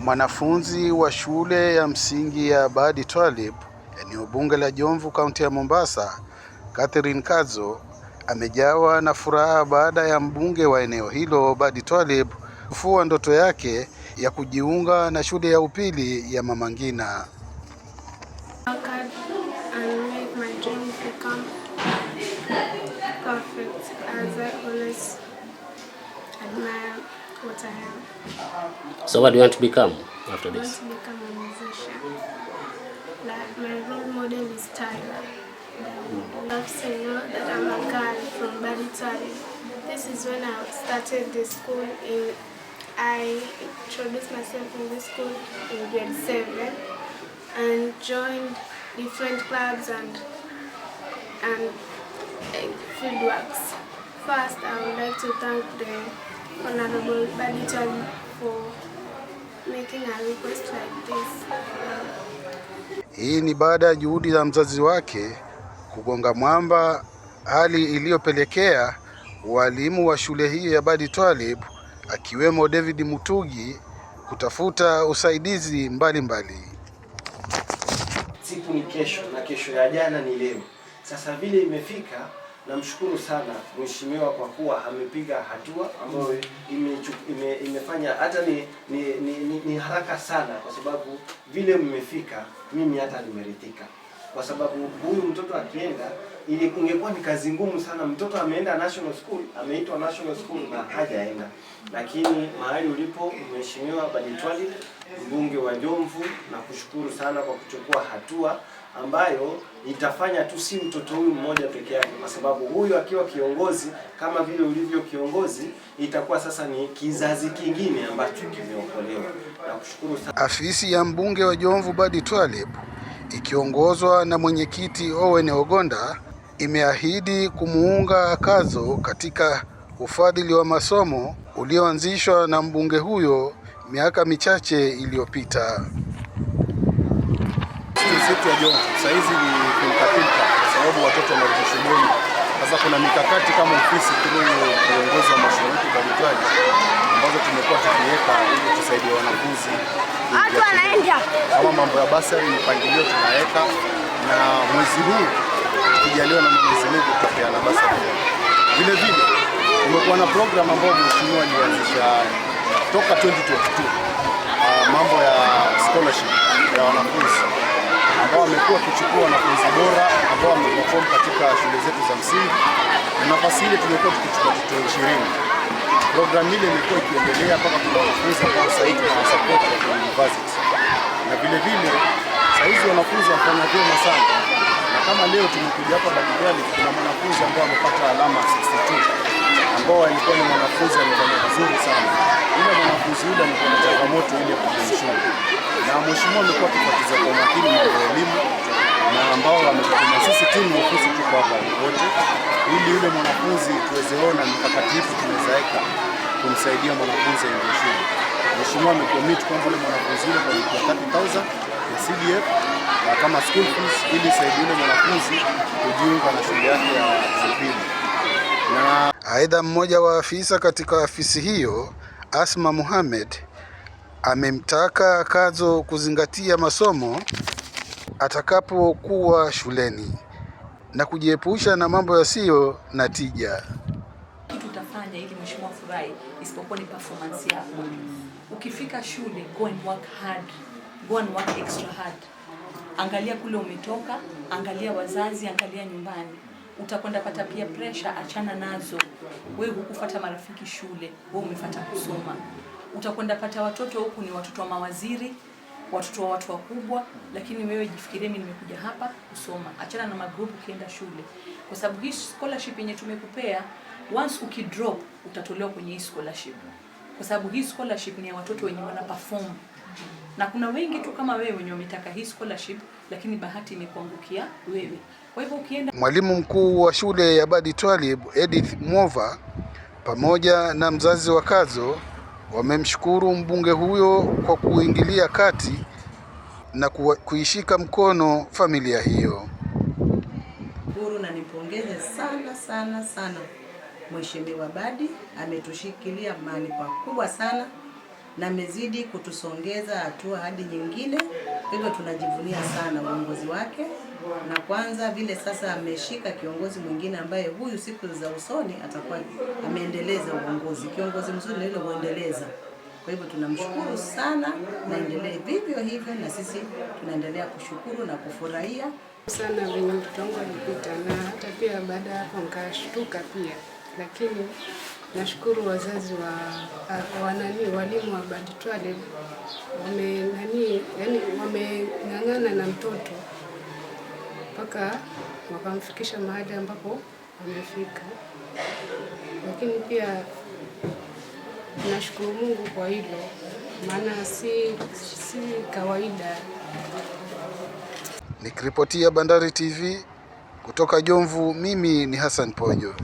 Mwanafunzi wa shule ya msingi ya Badi Twalib, eneo bunge la Jomvu, kaunti ya Mombasa, Catherine kazo amejawa na furaha baada ya mbunge wa eneo hilo Badi Twalib kufua ndoto yake ya kujiunga na shule ya upili ya Mama Ngina. What I have. So what do you want to become after this? I want to become a musician. Like my role model is Tyler. I love saying that I'm a girl from Baritari. This is when I started the school in I introduced myself in the school in grade 7 and joined different clubs and and fieldworks. First, I would like to thank the Honorable Baditon for making a request like this. Hii ni baada ya juhudi za mzazi wake kugonga mwamba, hali iliyopelekea walimu wa shule hiyo ya Badi Twalib akiwemo David Mutugi kutafuta usaidizi mbalimbali. Siku ni kesho na kesho ya jana ni leo. Sasa vile imefika Namshukuru sana mheshimiwa kwa kuwa amepiga hatua ambayo ime, ime, imefanya hata ni ni, ni ni haraka sana, kwa sababu vile mmefika, mimi hata nimeridhika, kwa sababu huyu mtoto akienda, ili ungekuwa ni kazi ngumu sana. Mtoto ameenda national school, ameitwa national school na hajaenda, lakini mahali ulipo mheshimiwa Badi mbunge wa Jomvu na kushukuru sana kwa kuchukua hatua ambayo itafanya tu si mtoto huyu mmoja peke yake, kwa sababu huyu akiwa kiongozi kama vile ulivyo kiongozi, itakuwa sasa ni kizazi kingine ambacho kimeokolewa. Na kushukuru sana. Afisi ya mbunge wa Jomvu Badi Twalib ikiongozwa na mwenyekiti Owen Ogonda imeahidi kumuunga kazo katika ufadhili wa masomo ulioanzishwa na mbunge huyo miaka michache iliyopita zetu ya Jongo sasa hizi ni pilkapilka, kwa sababu watoto wanarudi shuleni. Sasa kuna mikakati kama ofisi tuliyo viongozi wa mashule yetu mbalimbali ambazo tumekuwa tukiweka ili tusaidie wanafunzi kama mambo ya basari, mipangilio tunaweka, na mwezi huu tukijaliwa na Mwenyezi Mungu tutapeana basari. Vile vile kumekuwa na program ambayo mheshimiwa alianzisha toka 2022 uh, mambo ya scholarship ya wanafunzi ambao wamekuwa wakichukua wanafunzi bora ambao wameperform katika shule zetu za msingi, na nafasi ile tumekuwa tukichukua vituo ishirini. Programu ile imekuwa ikiendelea mpaka kuna wanafunzi ambao sasa na support wa university, na vile vile hizi wanafunzi wanafanya vyema sana, na kama leo tumekuja hapa Bagamoyo, kuna mwanafunzi ambaye amepata alama 62 ambao alikuwa ni mwanafunzi alifanya vizuri sana. Yule mwanafunzi yule alikuwa na changamoto ile kushule, na mheshimiwa amekuwa akifuatiza kwa makini mambo ya elimu na ambao wametuma sisi timu ofisi tuko hapa wote, ili yule mwanafunzi tuwezeona mikakati yetu tunawezaweka kumsaidia mwanafunzi aende shule. Mheshimiwa amecommit kwamba yule mwanafunzi yule kwa 30000 ya CDF na kama school fees ili saidi yule mwanafunzi kujiunga na shule yake ya upili na Aidha, mmoja wa afisa katika afisi hiyo Asma Muhammad amemtaka Kazo kuzingatia masomo atakapokuwa shuleni na kujiepusha na mambo yasiyo na tija. Kitu utafanya ili mheshimiwa furahi isipokuwa ni performance yako. Ukifika shule, go and work hard, go and work extra hard. Angalia kule umetoka, angalia wazazi, angalia nyumbani utakwenda pata pia pressure, achana nazo. Wewe hukufuata marafiki shule, wewe umefuata kusoma. Utakwenda pata watoto huku ni watoto wa mawaziri, watoto wa watu wakubwa, lakini wewe jifikirie, mimi nimekuja hapa kusoma. Achana na magroup ukienda shule, kwa sababu hii scholarship yenye tumekupea once ukidrop, utatolewa kwenye hii scholarship, kwa sababu hii scholarship ni ya watoto wenye wana perform na kuna wengi tu kama wewe wenye umetaka hii scholarship, lakini bahati imekuangukia wewe. Kwa hivyo ukienda... mwalimu mkuu wa shule ya Badi Twalib Edith Mova pamoja na mzazi wa Kazo wamemshukuru mbunge huyo kwa kuingilia kati na kuishika mkono familia hiyo. Shukuru na nipongeze sana sana sana Mheshimiwa Badi ametushikilia mali pakubwa sana na amezidi kutusongeza hatua hadi nyingine. Hivyo tunajivunia sana uongozi wake, na kwanza vile sasa ameshika kiongozi mwingine ambaye huyu siku za usoni atakuwa ameendeleza uongozi. Kiongozi mzuri na ile huendeleza. Kwa hivyo tunamshukuru sana, naendelee vivyo hivyo, na sisi tunaendelea kushukuru na kufurahia sana venye mtoto wangu alipita, na hata pia baada ya hapo nikashtuka pia, lakini Nashukuru wazazi wa, wanani walimu wa Baditwale wame nani yani wameng'ang'ana na mtoto mpaka wakamfikisha mahali ambapo wamefika, lakini pia nashukuru Mungu kwa hilo, maana si, si kawaida. Nikiripotia Bandari TV kutoka Jomvu, mimi ni Hassan pojo